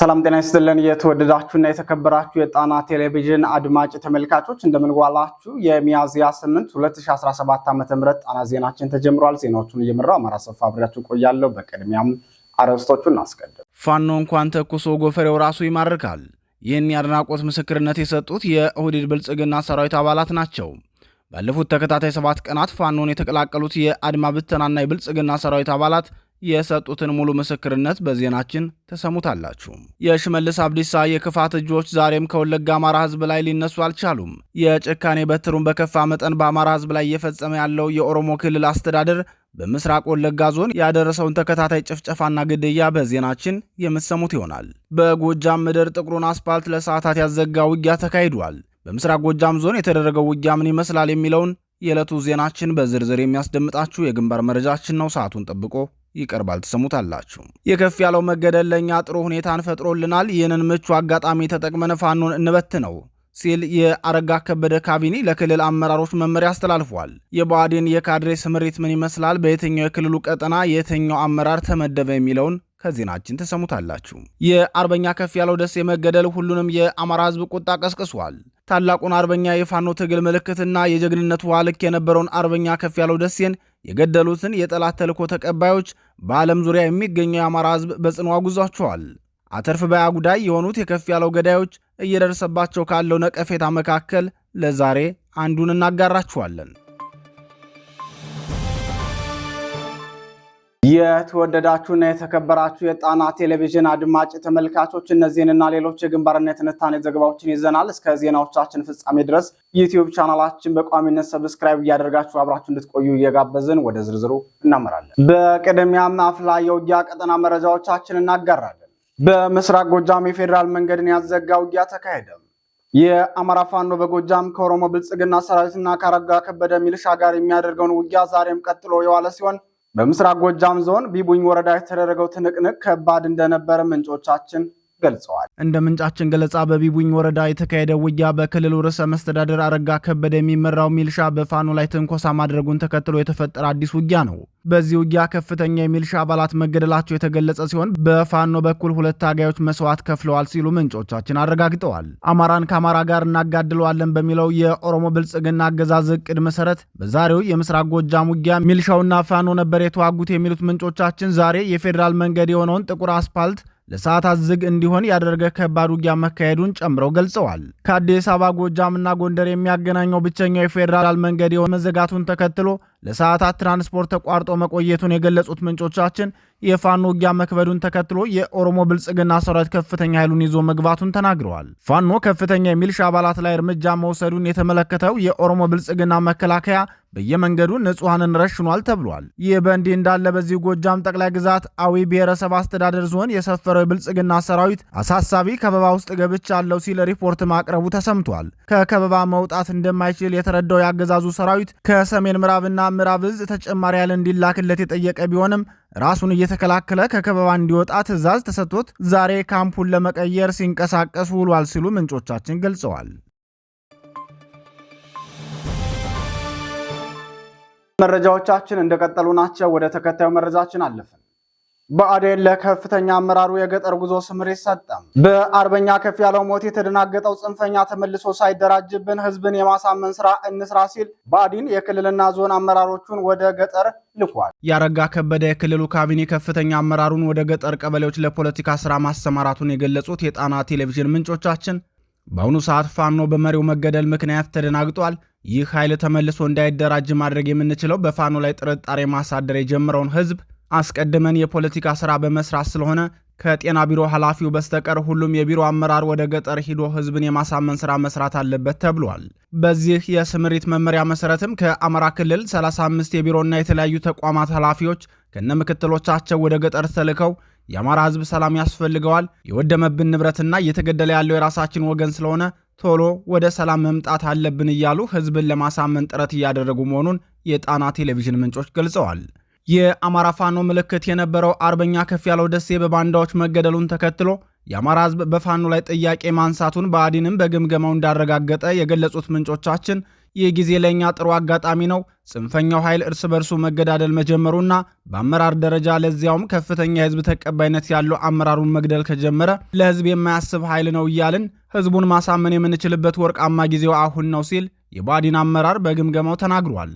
ሰላም ጤና ይስጥልን። የተወደዳችሁና የተከበራችሁ የጣና ቴሌቪዥን አድማጭ ተመልካቾች እንደምንጓላችሁ። የሚያዝያ 8 2017 ዓ ም ጣና ዜናችን ተጀምሯል። ዜናዎቹን እየመራው አማራ ሰፋ አብሬያችሁ ቆያለሁ። በቅድሚያም አርዕስቶቹን እናስቀድም። ፋኖ እንኳን ተኩሶ ጎፈሬው ራሱ ይማርካል። ይህን የአድናቆት ምስክርነት የሰጡት የኦህዴድ ብልጽግና ሰራዊት አባላት ናቸው። ባለፉት ተከታታይ ሰባት ቀናት ፋኖን የተቀላቀሉት የአድማ ብተናና የብልጽግና ሰራዊት አባላት የሰጡትን ሙሉ ምስክርነት በዜናችን ተሰሙታላችሁ። የሽመልስ አብዲሳ የክፋት እጆች ዛሬም ከወለጋ አማራ ህዝብ ላይ ሊነሱ አልቻሉም። የጭካኔ በትሩን በከፋ መጠን በአማራ ህዝብ ላይ እየፈጸመ ያለው የኦሮሞ ክልል አስተዳደር በምስራቅ ወለጋ ዞን ያደረሰውን ተከታታይ ጭፍጨፋና ግድያ በዜናችን የምትሰሙት ይሆናል። በጎጃም ምድር ጥቁሩን አስፓልት ለሰዓታት ያዘጋ ውጊያ ተካሂዷል። በምስራቅ ጎጃም ዞን የተደረገው ውጊያ ምን ይመስላል የሚለውን የዕለቱ ዜናችን በዝርዝር የሚያስደምጣችሁ የግንባር መረጃችን ነው። ሰዓቱን ጠብቆ ይቀርባል። ትሰሙታላችሁ። የከፍ ያለው መገደል ለእኛ ጥሩ ሁኔታን ፈጥሮልናል። ይህንን ምቹ አጋጣሚ ተጠቅመን ፋኖን እንበት ነው ሲል የአረጋ ከበደ ካቢኔ ለክልል አመራሮች መመሪያ አስተላልፏል። የብአዴን የካድሬ ስምሪት ምን ይመስላል፣ በየትኛው የክልሉ ቀጠና የትኛው አመራር ተመደበ የሚለውን ከዜናችን ተሰሙታላችሁ። የአርበኛ ከፍ ያለው ደሴ መገደል ሁሉንም የአማራ ህዝብ ቁጣ ቀስቅሷል። ታላቁን አርበኛ የፋኖ ትግል ምልክትና የጀግንነቱ ዋልክ የነበረውን አርበኛ ከፍ ያለው ደሴን የገደሉትን የጠላት ተልኮ ተቀባዮች በዓለም ዙሪያ የሚገኘው የአማራ ህዝብ በጽኑ አጉዟቸዋል። አተርፍ በያ ጉዳይ የሆኑት የከፍ ያለው ገዳዮች እየደረሰባቸው ካለው ነቀፌታ መካከል ለዛሬ አንዱን እናጋራችኋለን። የተወደዳችሁና የተከበራችሁ የጣና ቴሌቪዥን አድማጭ ተመልካቾች እነዚህንና ሌሎች የግንባርና የትንታኔ ዘገባዎችን ይዘናል። እስከ ዜናዎቻችን ፍጻሜ ድረስ ዩትዩብ ቻናላችን በቋሚነት ሰብስክራይብ እያደረጋችሁ አብራችሁ እንድትቆዩ እየጋበዝን ወደ ዝርዝሩ እናመራለን። በቅድሚያም አፍላ የውጊያ ቀጠና መረጃዎቻችን እናጋራለን። በምስራቅ ጎጃም የፌዴራል መንገድን ያዘጋ ውጊያ ተካሄደ። የአማራ ፋኖ በጎጃም ከኦሮሞ ብልጽግና ሰራዊትና ከአረጋ ከበደ ሚልሻ ጋር የሚያደርገውን ውጊያ ዛሬም ቀጥሎ የዋለ ሲሆን በምስራቅ ጎጃም ዞን ቢቡኝ ወረዳ የተደረገው ትንቅንቅ ከባድ እንደነበረ ምንጮቻችን ገልጸዋል። እንደ ምንጫችን ገለጻ በቢቡኝ ወረዳ የተካሄደ ውጊያ በክልሉ ርዕሰ መስተዳደር አረጋ ከበደ የሚመራው ሚልሻ በፋኖ ላይ ትንኮሳ ማድረጉን ተከትሎ የተፈጠረ አዲስ ውጊያ ነው። በዚህ ውጊያ ከፍተኛ የሚልሻ አባላት መገደላቸው የተገለጸ ሲሆን በፋኖ በኩል ሁለት ታጋዮች መስዋዕት ከፍለዋል ሲሉ ምንጮቻችን አረጋግጠዋል። አማራን ከአማራ ጋር እናጋድለዋለን በሚለው የኦሮሞ ብልጽግና አገዛዝ እቅድ መሰረት በዛሬው የምስራቅ ጎጃም ውጊያ ሚልሻውና ፋኖ ነበር የተዋጉት የሚሉት ምንጮቻችን ዛሬ የፌዴራል መንገድ የሆነውን ጥቁር አስፓልት ለሰዓታት ዝግ እንዲሆን ያደረገ ከባድ ውጊያ መካሄዱን ጨምረው ገልጸዋል። ከአዲስ አበባ ጎጃምና ጎንደር የሚያገናኘው ብቸኛው የፌዴራል መንገድ መዘጋቱን ተከትሎ ለሰዓታት ትራንስፖርት ተቋርጦ መቆየቱን የገለጹት ምንጮቻችን የፋኖ ውጊያ መክበዱን ተከትሎ የኦሮሞ ብልጽግና ሰራዊት ከፍተኛ ኃይሉን ይዞ መግባቱን ተናግረዋል። ፋኖ ከፍተኛ የሚልሻ አባላት ላይ እርምጃ መውሰዱን የተመለከተው የኦሮሞ ብልጽግና መከላከያ በየመንገዱ ንጹሐንን ረሽኗል ተብሏል። ይህ በእንዲህ እንዳለ በዚህ ጎጃም ጠቅላይ ግዛት አዊ ብሔረሰብ አስተዳደር ዞን የሰፈረው የብልጽግና ሰራዊት አሳሳቢ ከበባ ውስጥ ገብቻለሁ ሲል ሪፖርት ማቅረቡ ተሰምቷል። ከከበባ መውጣት እንደማይችል የተረዳው የአገዛዙ ሰራዊት ከሰሜን ምዕራብና ምዕራብ እዝ ተጨማሪ ያለ እንዲላክለት የጠየቀ ቢሆንም ራሱን እየተከላከለ ከከበባ እንዲወጣ ትዕዛዝ ተሰጥቶት ዛሬ ካምፑን ለመቀየር ሲንቀሳቀስ ውሏል ሲሉ ምንጮቻችን ገልጸዋል። መረጃዎቻችን እንደቀጠሉ ናቸው። ወደ ተከታዩ መረጃችን አለፍን። ብአዴን ለከፍተኛ አመራሩ የገጠር ጉዞ ስምሪት ሰጠ። በአርበኛ ከፍ ያለው ሞት የተደናገጠው ጽንፈኛ ተመልሶ ሳይደራጅብን ህዝብን የማሳመን ስራ እንስራ ሲል በአዲን የክልልና ዞን አመራሮቹን ወደ ገጠር ልኳል። ያረጋ ከበደ የክልሉ ካቢኔ ከፍተኛ አመራሩን ወደ ገጠር ቀበሌዎች ለፖለቲካ ስራ ማሰማራቱን የገለጹት የጣና ቴሌቪዥን ምንጮቻችን በአሁኑ ሰዓት ፋኖ በመሪው መገደል ምክንያት ተደናግጧል። ይህ ኃይል ተመልሶ እንዳይደራጅ ማድረግ የምንችለው በፋኖ ላይ ጥርጣሬ ማሳደር የጀመረውን ህዝብ አስቀድመን የፖለቲካ ስራ በመስራት ስለሆነ ከጤና ቢሮ ኃላፊው በስተቀር ሁሉም የቢሮ አመራር ወደ ገጠር ሂዶ ህዝብን የማሳመን ስራ መስራት አለበት ተብሏል። በዚህ የስምሪት መመሪያ መሰረትም ከአማራ ክልል 35 የቢሮና የተለያዩ ተቋማት ኃላፊዎች ከነ ምክትሎቻቸው ወደ ገጠር ተልከው የአማራ ህዝብ ሰላም ያስፈልገዋል። የወደመብን ንብረትና እየተገደለ ያለው የራሳችን ወገን ስለሆነ ቶሎ ወደ ሰላም መምጣት አለብን እያሉ ህዝብን ለማሳመን ጥረት እያደረጉ መሆኑን የጣና ቴሌቪዥን ምንጮች ገልጸዋል። የአማራ ፋኖ ምልክት የነበረው አርበኛ ከፍ ያለው ደሴ በባንዳዎች መገደሉን ተከትሎ የአማራ ህዝብ በፋኖ ላይ ጥያቄ ማንሳቱን ብአዴንም በግምገማው እንዳረጋገጠ የገለጹት ምንጮቻችን ይህ ጊዜ ለእኛ ጥሩ አጋጣሚ ነው። ጽንፈኛው ኃይል እርስ በርሱ መገዳደል መጀመሩና በአመራር ደረጃ ለዚያውም ከፍተኛ የህዝብ ተቀባይነት ያለው አመራሩን መግደል ከጀመረ ለህዝብ የማያስብ ኃይል ነው እያልን ህዝቡን ማሳመን የምንችልበት ወርቃማ ጊዜው አሁን ነው ሲል የባዲን አመራር በግምገማው ተናግሯል።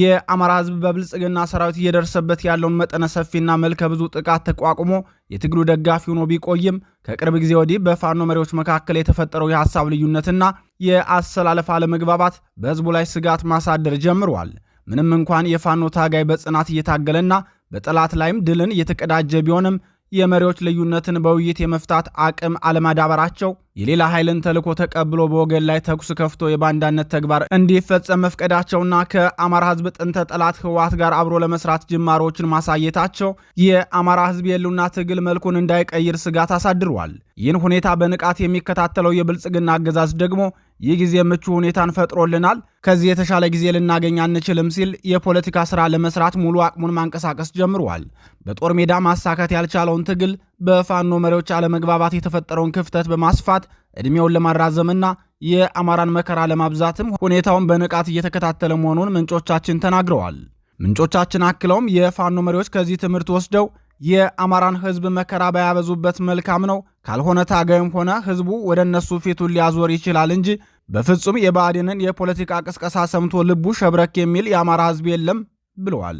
የአማራ ህዝብ በብልጽግና ሰራዊት እየደረሰበት ያለውን መጠነ ሰፊና መልከ ብዙ ጥቃት ተቋቁሞ የትግሉ ደጋፊ ሆኖ ቢቆይም ከቅርብ ጊዜ ወዲህ በፋኖ መሪዎች መካከል የተፈጠረው የሐሳብ ልዩነትና የአሰላለፍ አለመግባባት በህዝቡ ላይ ስጋት ማሳደር ጀምሯል። ምንም እንኳን የፋኖ ታጋይ በጽናት እየታገለና በጠላት ላይም ድልን እየተቀዳጀ ቢሆንም የመሪዎች ልዩነትን በውይይት የመፍታት አቅም አለማዳበራቸው የሌላ ኃይልን ተልዕኮ ተቀብሎ በወገን ላይ ተኩስ ከፍቶ የባንዳነት ተግባር እንዲፈጸም መፍቀዳቸውና ከአማራ ሕዝብ ጥንተ ጠላት ህወሓት ጋር አብሮ ለመስራት ጅማሮችን ማሳየታቸው የአማራ ሕዝብ የሉና ትግል መልኩን እንዳይቀይር ስጋት አሳድሯል። ይህን ሁኔታ በንቃት የሚከታተለው የብልጽግና አገዛዝ ደግሞ ይህ ጊዜ ምቹ ሁኔታን ፈጥሮልናል፣ ከዚህ የተሻለ ጊዜ ልናገኝ አንችልም ሲል የፖለቲካ ስራ ለመስራት ሙሉ አቅሙን ማንቀሳቀስ ጀምሯል። በጦር ሜዳ ማሳካት ያልቻለውን ትግል በፋኖ መሪዎች አለመግባባት የተፈጠረውን ክፍተት በማስፋት ዕድሜውን ለማራዘምና የአማራን መከራ ለማብዛትም ሁኔታውን በንቃት እየተከታተለ መሆኑን ምንጮቻችን ተናግረዋል። ምንጮቻችን አክለውም የፋኖ መሪዎች ከዚህ ትምህርት ወስደው የአማራን ሕዝብ መከራ ባያበዙበት መልካም ነው ካልሆነ ታጋይም ሆነ ህዝቡ ወደ እነሱ ፊቱን ሊያዞር ይችላል እንጂ በፍጹም የብአዴንን የፖለቲካ ቅስቀሳ ሰምቶ ልቡ ሸብረክ የሚል የአማራ ህዝብ የለም ብለዋል።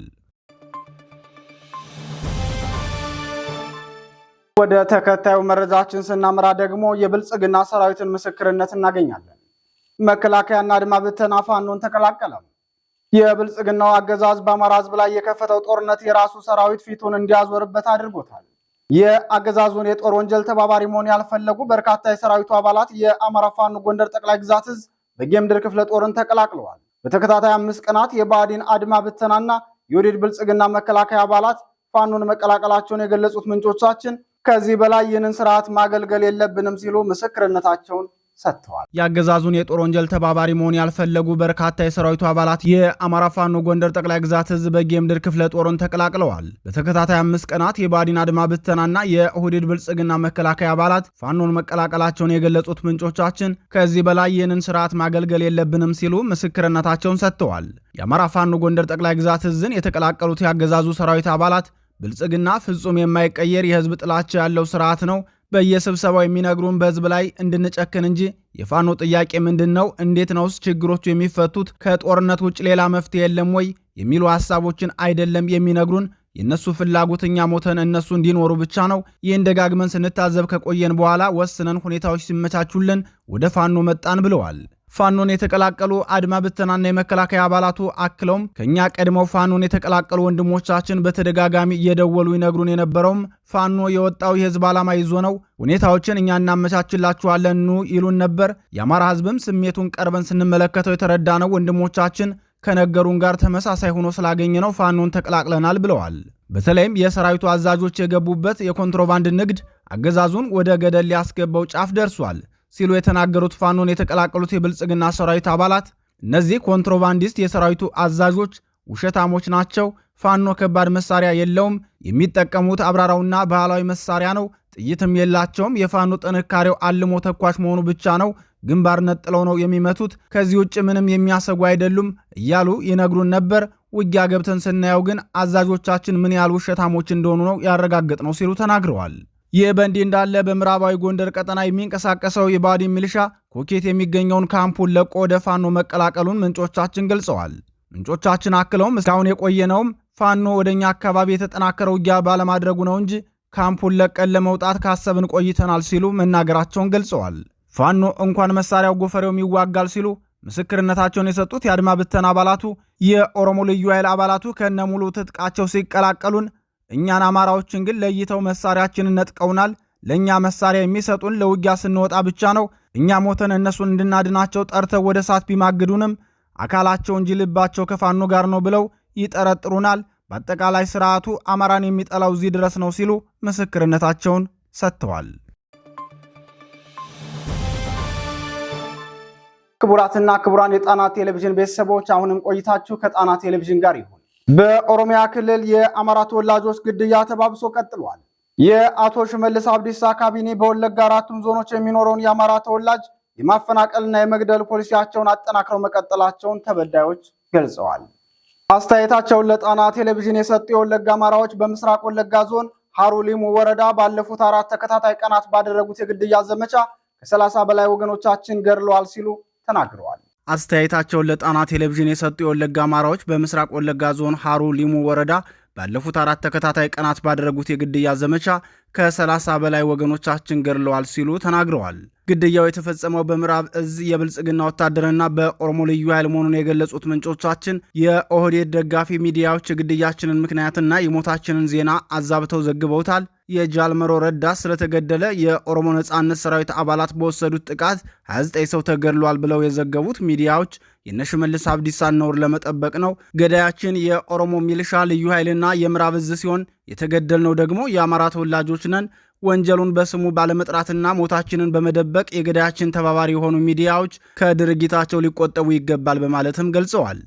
ወደ ተከታዩ መረጃችን ስናመራ ደግሞ የብልጽግና ሰራዊትን ምስክርነት እናገኛለን። መከላከያና አድማ ብተና ፋኖን ተቀላቀለ። የብልጽግናው አገዛዝ በአማራ ህዝብ ላይ የከፈተው ጦርነት የራሱ ሰራዊት ፊቱን እንዲያዞርበት አድርጎታል። የአገዛዙን የጦር ወንጀል ተባባሪ መሆን ያልፈለጉ በርካታ የሰራዊቱ አባላት የአማራ ፋኖ ጎንደር ጠቅላይ ግዛት እዝ በጌምድር ክፍለ ጦርን ተቀላቅለዋል። በተከታታይ አምስት ቀናት የባዕዲን አድማ ብተናና የወዴድ ብልጽግና መከላከያ አባላት ፋኖን መቀላቀላቸውን የገለጹት ምንጮቻችን ከዚህ በላይ ይህንን ስርዓት ማገልገል የለብንም ሲሉ ምስክርነታቸውን ሰጥተዋል። የአገዛዙን የጦር ወንጀል ተባባሪ መሆን ያልፈለጉ በርካታ የሰራዊቱ አባላት የአማራ ፋኖ ጎንደር ጠቅላይ ግዛት ህዝብ በጌምድር ክፍለ ጦርን ተቀላቅለዋል። በተከታታይ አምስት ቀናት የባዲን አድማ ብተናና የኦህዴድ ብልጽግና መከላከያ አባላት ፋኖን መቀላቀላቸውን የገለጹት ምንጮቻችን ከዚህ በላይ ይህንን ስርዓት ማገልገል የለብንም ሲሉ ምስክርነታቸውን ሰጥተዋል። የአማራ ፋኖ ጎንደር ጠቅላይ ግዛት ህዝን የተቀላቀሉት የአገዛዙ ሰራዊት አባላት ብልጽግና ፍጹም የማይቀየር የህዝብ ጥላቻ ያለው ስርዓት ነው በየስብሰባው የሚነግሩን በህዝብ ላይ እንድንጨክን እንጂ የፋኖ ጥያቄ ምንድን ነው? እንዴት ነውስ ችግሮቹ የሚፈቱት? ከጦርነት ውጭ ሌላ መፍትሄ የለም ወይ? የሚሉ ሀሳቦችን አይደለም የሚነግሩን። የእነሱ ፍላጎት እኛ ሞተን እነሱ እንዲኖሩ ብቻ ነው። ይህን ደጋግመን ስንታዘብ ከቆየን በኋላ ወስነን ሁኔታዎች ሲመቻቹልን ወደ ፋኖ መጣን ብለዋል። ፋኖን የተቀላቀሉ አድማ ብተናና የመከላከያ አባላቱ አክለውም ከእኛ ቀድመው ፋኖን የተቀላቀሉ ወንድሞቻችን በተደጋጋሚ እየደወሉ ይነግሩን የነበረውም ፋኖ የወጣው የህዝብ ዓላማ ይዞ ነው፣ ሁኔታዎችን እኛ እናመቻችላችኋለን ኑ ይሉን ነበር። የአማራ ህዝብም ስሜቱን ቀርበን ስንመለከተው የተረዳ ነው። ወንድሞቻችን ከነገሩን ጋር ተመሳሳይ ሆኖ ስላገኘ ነው ፋኖን ተቀላቅለናል ብለዋል። በተለይም የሰራዊቱ አዛዦች የገቡበት የኮንትሮባንድ ንግድ አገዛዙን ወደ ገደል ሊያስገባው ጫፍ ደርሷል። ሲሉ የተናገሩት ፋኖን የተቀላቀሉት የብልጽግና ሰራዊት አባላት እነዚህ ኮንትሮባንዲስት የሰራዊቱ አዛዦች ውሸታሞች ናቸው፣ ፋኖ ከባድ መሳሪያ የለውም፣ የሚጠቀሙት አብራራውና ባህላዊ መሳሪያ ነው፣ ጥይትም የላቸውም፣ የፋኖ ጥንካሬው አልሞ ተኳሽ መሆኑ ብቻ ነው፣ ግንባር ነጥለው ነው የሚመቱት፣ ከዚህ ውጭ ምንም የሚያሰጉ አይደሉም እያሉ ይነግሩን ነበር። ውጊያ ገብተን ስናየው ግን አዛዦቻችን ምን ያህል ውሸታሞች እንደሆኑ ነው ያረጋገጥ ነው ሲሉ ተናግረዋል። ይህ በእንዲህ እንዳለ በምዕራባዊ ጎንደር ቀጠና የሚንቀሳቀሰው የባዲን ሚሊሻ ኮኬት የሚገኘውን ካምፑን ለቆ ወደ ፋኖ መቀላቀሉን ምንጮቻችን ገልጸዋል። ምንጮቻችን አክለውም እስካሁን የቆየነውም ፋኖ ወደ እኛ አካባቢ የተጠናከረ ውጊያ ባለማድረጉ ነው እንጂ ካምፑን ለቀን ለመውጣት ካሰብን ቆይተናል ሲሉ መናገራቸውን ገልጸዋል። ፋኖ እንኳን መሳሪያው ጎፈሬውም ይዋጋል ሲሉ ምስክርነታቸውን የሰጡት የአድማ ብተን አባላቱ የኦሮሞ ልዩ ኃይል አባላቱ ከነሙሉ ትጥቃቸው ሲቀላቀሉን እኛን አማራዎችን ግን ለይተው መሳሪያችንን ነጥቀውናል። ለእኛ መሳሪያ የሚሰጡን ለውጊያ ስንወጣ ብቻ ነው። እኛ ሞተን እነሱን እንድናድናቸው ጠርተው ወደ ሳት ቢማግዱንም አካላቸው እንጂ ልባቸው ከፋኖ ጋር ነው ብለው ይጠረጥሩናል። በአጠቃላይ ስርዓቱ አማራን የሚጠላው እዚህ ድረስ ነው ሲሉ ምስክርነታቸውን ሰጥተዋል። ክቡራትና ክቡራን የጣና ቴሌቪዥን ቤተሰቦች አሁንም ቆይታችሁ ከጣና ቴሌቪዥን ጋር ይሁን። በኦሮሚያ ክልል የአማራ ተወላጆች ግድያ ተባብሶ ቀጥሏል። የአቶ ሽመልስ አብዲሳ ካቢኔ በወለጋ አራቱም ዞኖች የሚኖረውን የአማራ ተወላጅ የማፈናቀልና የመግደል ፖሊሲያቸውን አጠናክረው መቀጠላቸውን ተበዳዮች ገልጸዋል። አስተያየታቸውን ለጣና ቴሌቪዥን የሰጡ የወለጋ አማራዎች በምስራቅ ወለጋ ዞን ሀሩ ሊሙ ወረዳ ባለፉት አራት ተከታታይ ቀናት ባደረጉት የግድያ ዘመቻ ከሰላሳ በላይ ወገኖቻችን ገድለዋል ሲሉ ተናግረዋል። አስተያየታቸውን ለጣና ቴሌቪዥን የሰጡ የወለጋ አማራዎች በምስራቅ ወለጋ ዞን ሀሩ ሊሙ ወረዳ ባለፉት አራት ተከታታይ ቀናት ባደረጉት የግድያ ዘመቻ ከ30 በላይ ወገኖቻችን ገድለዋል ሲሉ ተናግረዋል። ግድያው የተፈጸመው በምዕራብ እዝ የብልጽግና ወታደርና በኦሮሞ ልዩ ኃይል መሆኑን የገለጹት ምንጮቻችን የኦህዴድ ደጋፊ ሚዲያዎች የግድያችንን ምክንያትና የሞታችንን ዜና አዛብተው ዘግበውታል። የጃልመሮ ረዳ ስለተገደለ የኦሮሞ ነጻነት ሰራዊት አባላት በወሰዱት ጥቃት 29 ሰው ተገድሏል ብለው የዘገቡት ሚዲያዎች የነሽመልስ አብዲሳን ነውር ለመጠበቅ ነው። ገዳያችን የኦሮሞ ሚልሻ ልዩ ኃይልና የምዕራብ እዝ ሲሆን የተገደልነው ደግሞ የአማራ ተወላጆች ነን። ወንጀሉን በስሙ ባለመጥራትና ሞታችንን በመደበቅ የገዳያችን ተባባሪ የሆኑ ሚዲያዎች ከድርጊታቸው ሊቆጠቡ ይገባል በማለትም ገልጸዋል።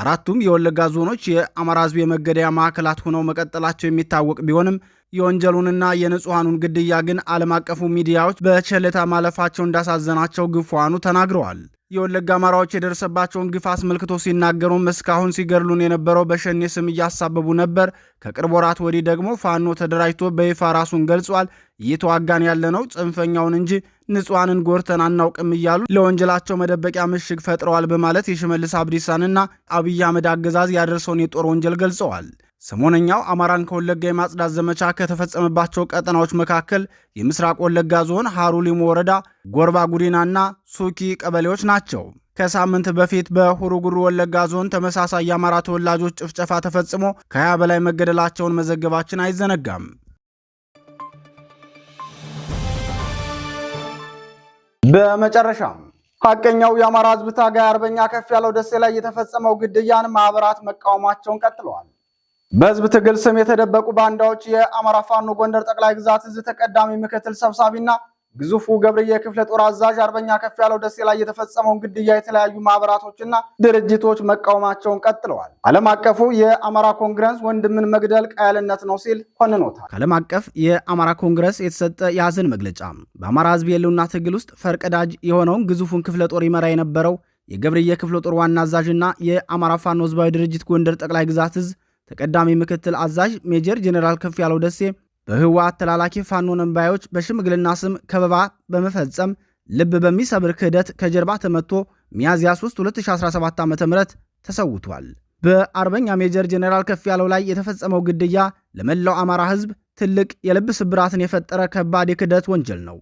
አራቱም የወለጋ ዞኖች የአማራ ሕዝብ የመገደያ ማዕከላት ሆነው መቀጠላቸው የሚታወቅ ቢሆንም የወንጀሉንና የንጹሐኑን ግድያ ግን ዓለም አቀፉ ሚዲያዎች በቸልታ ማለፋቸው እንዳሳዘናቸው ግፏኑ ተናግረዋል። የወለጋ አማራዎች የደረሰባቸውን ግፍ አስመልክቶ ሲናገሩም እስካሁን ሲገድሉን የነበረው በሸኔ ስም እያሳበቡ ነበር። ከቅርብ ወራት ወዲህ ደግሞ ፋኖ ተደራጅቶ በይፋ ራሱን ገልጿል። እየተዋጋን ያለነው ጽንፈኛውን እንጂ ንጹሐንን ጎርተን አናውቅም እያሉ ለወንጀላቸው መደበቂያ ምሽግ ፈጥረዋል በማለት የሽመልስ አብዲሳንና አብይ አህመድ አገዛዝ ያደርሰውን የጦር ወንጀል ገልጸዋል። ሰሞነኛው አማራን ከወለጋ የማጽዳት ዘመቻ ከተፈጸመባቸው ቀጠናዎች መካከል የምስራቅ ወለጋ ዞን ሀሩ ሊሙ ወረዳ ጎርባ ጉዲናና ሱኪ ቀበሌዎች ናቸው። ከሳምንት በፊት በሁሩ ጉሩ ወለጋ ዞን ተመሳሳይ የአማራ ተወላጆች ጭፍጨፋ ተፈጽሞ ከ በላይ መገደላቸውን መዘገባችን አይዘነጋም። በመጨረሻም ሀቀኛው የአማራ ህዝብ ታጋይ አርበኛ ከፍ ያለው ደሴ ላይ የተፈጸመው ግድያን ማኅበራት መቃወማቸውን ቀጥለዋል። በህዝብ ትግል ስም የተደበቁ ባንዳዎች የአማራ ፋኖ ጎንደር ጠቅላይ ግዛት እዝ ተቀዳሚ ምክትል ሰብሳቢና ግዙፉ ገብርዬ ክፍለ ጦር አዛዥ አርበኛ ከፍ ያለው ደሴ ላይ የተፈጸመውን ግድያ የተለያዩ ማህበራቶችና ድርጅቶች መቃወማቸውን ቀጥለዋል። ዓለም አቀፉ የአማራ ኮንግረስ ወንድምን መግደል ቃያልነት ነው ሲል ኮንኖታል። ከዓለም አቀፍ የአማራ ኮንግረስ የተሰጠ የሀዘን መግለጫ በአማራ ህዝብ የህልውና ትግል ውስጥ ፈርቀዳጅ የሆነውን ግዙፉን ክፍለ ጦር ይመራ የነበረው የገብርዬ ክፍለ ጦር ዋና አዛዥና የአማራ ፋኖ ህዝባዊ ድርጅት ጎንደር ጠቅላይ ግዛት እዝ ተቀዳሚ ምክትል አዛዥ ሜጀር ጀኔራል ከፍ ያለው ደሴ በህወሓት ተላላኪ ፋኖ ነንባዮች በሽምግልና ስም ከበባ በመፈጸም ልብ በሚሰብር ክህደት ከጀርባ ተመቶ ሚያዝያ 3 2017 ዓ ም ተሰውቷል። በአርበኛ ሜጀር ጀኔራል ከፍ ያለው ላይ የተፈጸመው ግድያ ለመላው አማራ ህዝብ ትልቅ የልብ ስብራትን የፈጠረ ከባድ የክህደት ወንጀል ነው።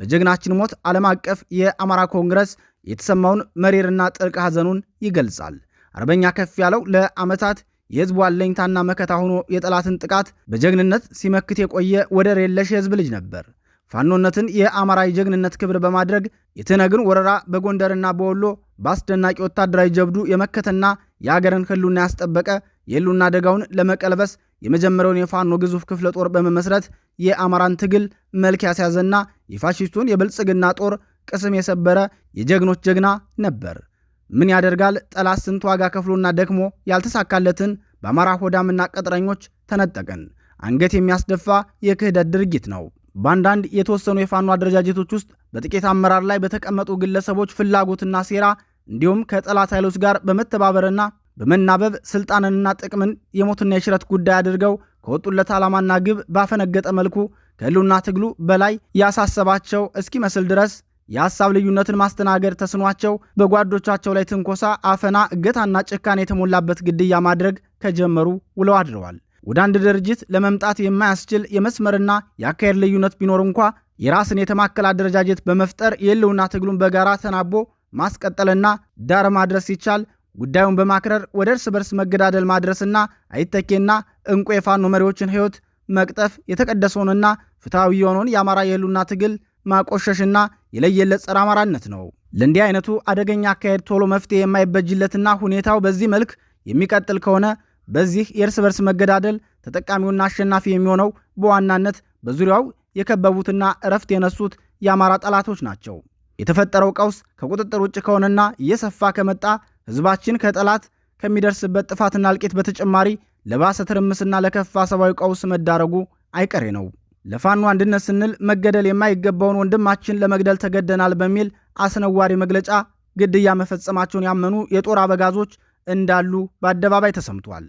በጀግናችን ሞት ዓለም አቀፍ የአማራ ኮንግረስ የተሰማውን መሪርና ጥልቅ ሐዘኑን ይገልጻል። አርበኛ ከፍ ያለው ለዓመታት የህዝቡ አለኝታና መከታ ሆኖ የጠላትን ጥቃት በጀግንነት ሲመክት የቆየ ወደር የለሽ የህዝብ ልጅ ነበር። ፋኖነትን የአማራዊ ጀግንነት ክብር በማድረግ የትነግን ወረራ በጎንደርና በወሎ በአስደናቂ ወታደራዊ ጀብዱ የመከተና የአገርን ህሉና ያስጠበቀ የህሉና አደጋውን ለመቀልበስ የመጀመሪያውን የፋኖ ግዙፍ ክፍለ ጦር በመመስረት የአማራን ትግል መልክ ያስያዘና የፋሽስቱን የብልጽግና ጦር ቅስም የሰበረ የጀግኖች ጀግና ነበር። ምን ያደርጋል ጠላት ስንት ዋጋ ከፍሎና ደክሞ ያልተሳካለትን በአማራ ሆዳምና ቀጥረኞች ተነጠቅን። አንገት የሚያስደፋ የክህደት ድርጊት ነው። በአንዳንድ የተወሰኑ የፋኖ አደረጃጀቶች ውስጥ በጥቂት አመራር ላይ በተቀመጡ ግለሰቦች ፍላጎትና ሴራ እንዲሁም ከጠላት ኃይሎች ጋር በመተባበርና በመናበብ ስልጣንንና ጥቅምን የሞትና የሽረት ጉዳይ አድርገው ከወጡለት ዓላማና ግብ ባፈነገጠ መልኩ ከህሉና ትግሉ በላይ ያሳሰባቸው እስኪመስል ድረስ የሀሳብ ልዩነትን ማስተናገድ ተስኗቸው በጓዶቻቸው ላይ ትንኮሳ፣ አፈና፣ እገታና ጭካኔ የተሞላበት ግድያ ማድረግ ከጀመሩ ውለው አድረዋል። ወደ አንድ ድርጅት ለመምጣት የማያስችል የመስመርና የአካሄድ ልዩነት ቢኖር እንኳ የራስን የተማከለ አደረጃጀት በመፍጠር የህልውና ትግሉን በጋራ ተናቦ ማስቀጠልና ዳር ማድረስ ሲቻል ጉዳዩን በማክረር ወደ እርስ በርስ መገዳደል ማድረስና አይተኬና እንቁ የፋኖ መሪዎችን ህይወት መቅጠፍ የተቀደሰውንና ፍትሐዊ የሆነውን የአማራ የህልውና ትግል ማቆሸሽና የለየለት ጸረ አማራነት ነው። ለእንዲህ አይነቱ አደገኛ አካሄድ ቶሎ መፍትሄ የማይበጅለትና ሁኔታው በዚህ መልክ የሚቀጥል ከሆነ በዚህ የእርስ በርስ መገዳደል ተጠቃሚውና አሸናፊ የሚሆነው በዋናነት በዙሪያው የከበቡትና እረፍት የነሱት የአማራ ጠላቶች ናቸው። የተፈጠረው ቀውስ ከቁጥጥር ውጭ ከሆነና እየሰፋ ከመጣ ህዝባችን ከጠላት ከሚደርስበት ጥፋትና እልቂት በተጨማሪ ለባሰ ትርምስና ለከፋ ሰብአዊ ቀውስ መዳረጉ አይቀሬ ነው። ለፋኖ አንድነት ስንል መገደል የማይገባውን ወንድማችን ለመግደል ተገደናል በሚል አስነዋሪ መግለጫ ግድያ መፈጸማቸውን ያመኑ የጦር አበጋዞች እንዳሉ በአደባባይ ተሰምቷል።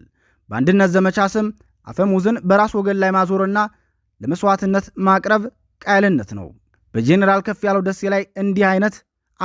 በአንድነት ዘመቻ ስም አፈሙዝን በራስ ወገን ላይ ማዞርና ለመስዋዕትነት ማቅረብ ቃየልነት ነው። በጄኔራል ከፍ ያለው ደሴ ላይ እንዲህ አይነት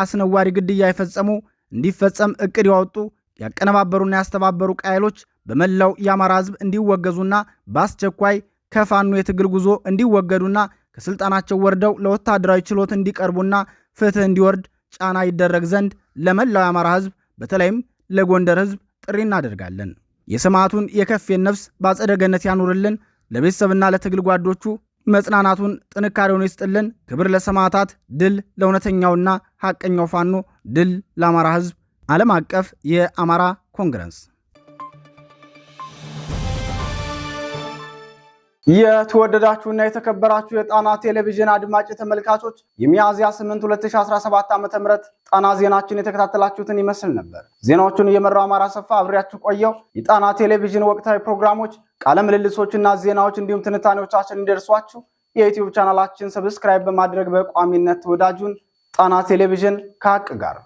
አስነዋሪ ግድያ የፈጸሙ እንዲፈጸም እቅድ ያወጡ ያቀነባበሩና ያስተባበሩ ቃየሎች በመላው የአማራ ሕዝብ እንዲወገዙና በአስቸኳይ ከፋኖ የትግል ጉዞ እንዲወገዱና ከስልጣናቸው ወርደው ለወታደራዊ ችሎት እንዲቀርቡና ፍትህ እንዲወርድ ጫና ይደረግ ዘንድ ለመላው የአማራ ህዝብ በተለይም ለጎንደር ህዝብ ጥሪ እናደርጋለን። የሰማዕቱን የከፌን ነፍስ በአጸደ ገነት ያኑርልን። ለቤተሰብና ለትግል ጓዶቹ መጽናናቱን ጥንካሬውን ይስጥልን። ክብር ለሰማዕታት፣ ድል ለእውነተኛውና ሐቀኛው ፋኖ፣ ድል ለአማራ ህዝብ። ዓለም አቀፍ የአማራ ኮንግረስ የተወደዳችሁና የተከበራችሁ የጣና ቴሌቪዥን አድማጭ ተመልካቾች የሚያዝያ 8 2017 ዓ.ም ጣና ዜናችን የተከታተላችሁትን ይመስል ነበር። ዜናዎቹን እየመራው አማራ ሰፋ አብሬያችሁ ቆየው። የጣና ቴሌቪዥን ወቅታዊ ፕሮግራሞች፣ ቃለ ምልልሶችና ዜናዎች እንዲሁም ትንታኔዎቻችን እንዲደርሷችሁ የዩትዩብ ቻናላችን ሰብስክራይብ በማድረግ በቋሚነት ተወዳጁን ጣና ቴሌቪዥን ከሀቅ ጋር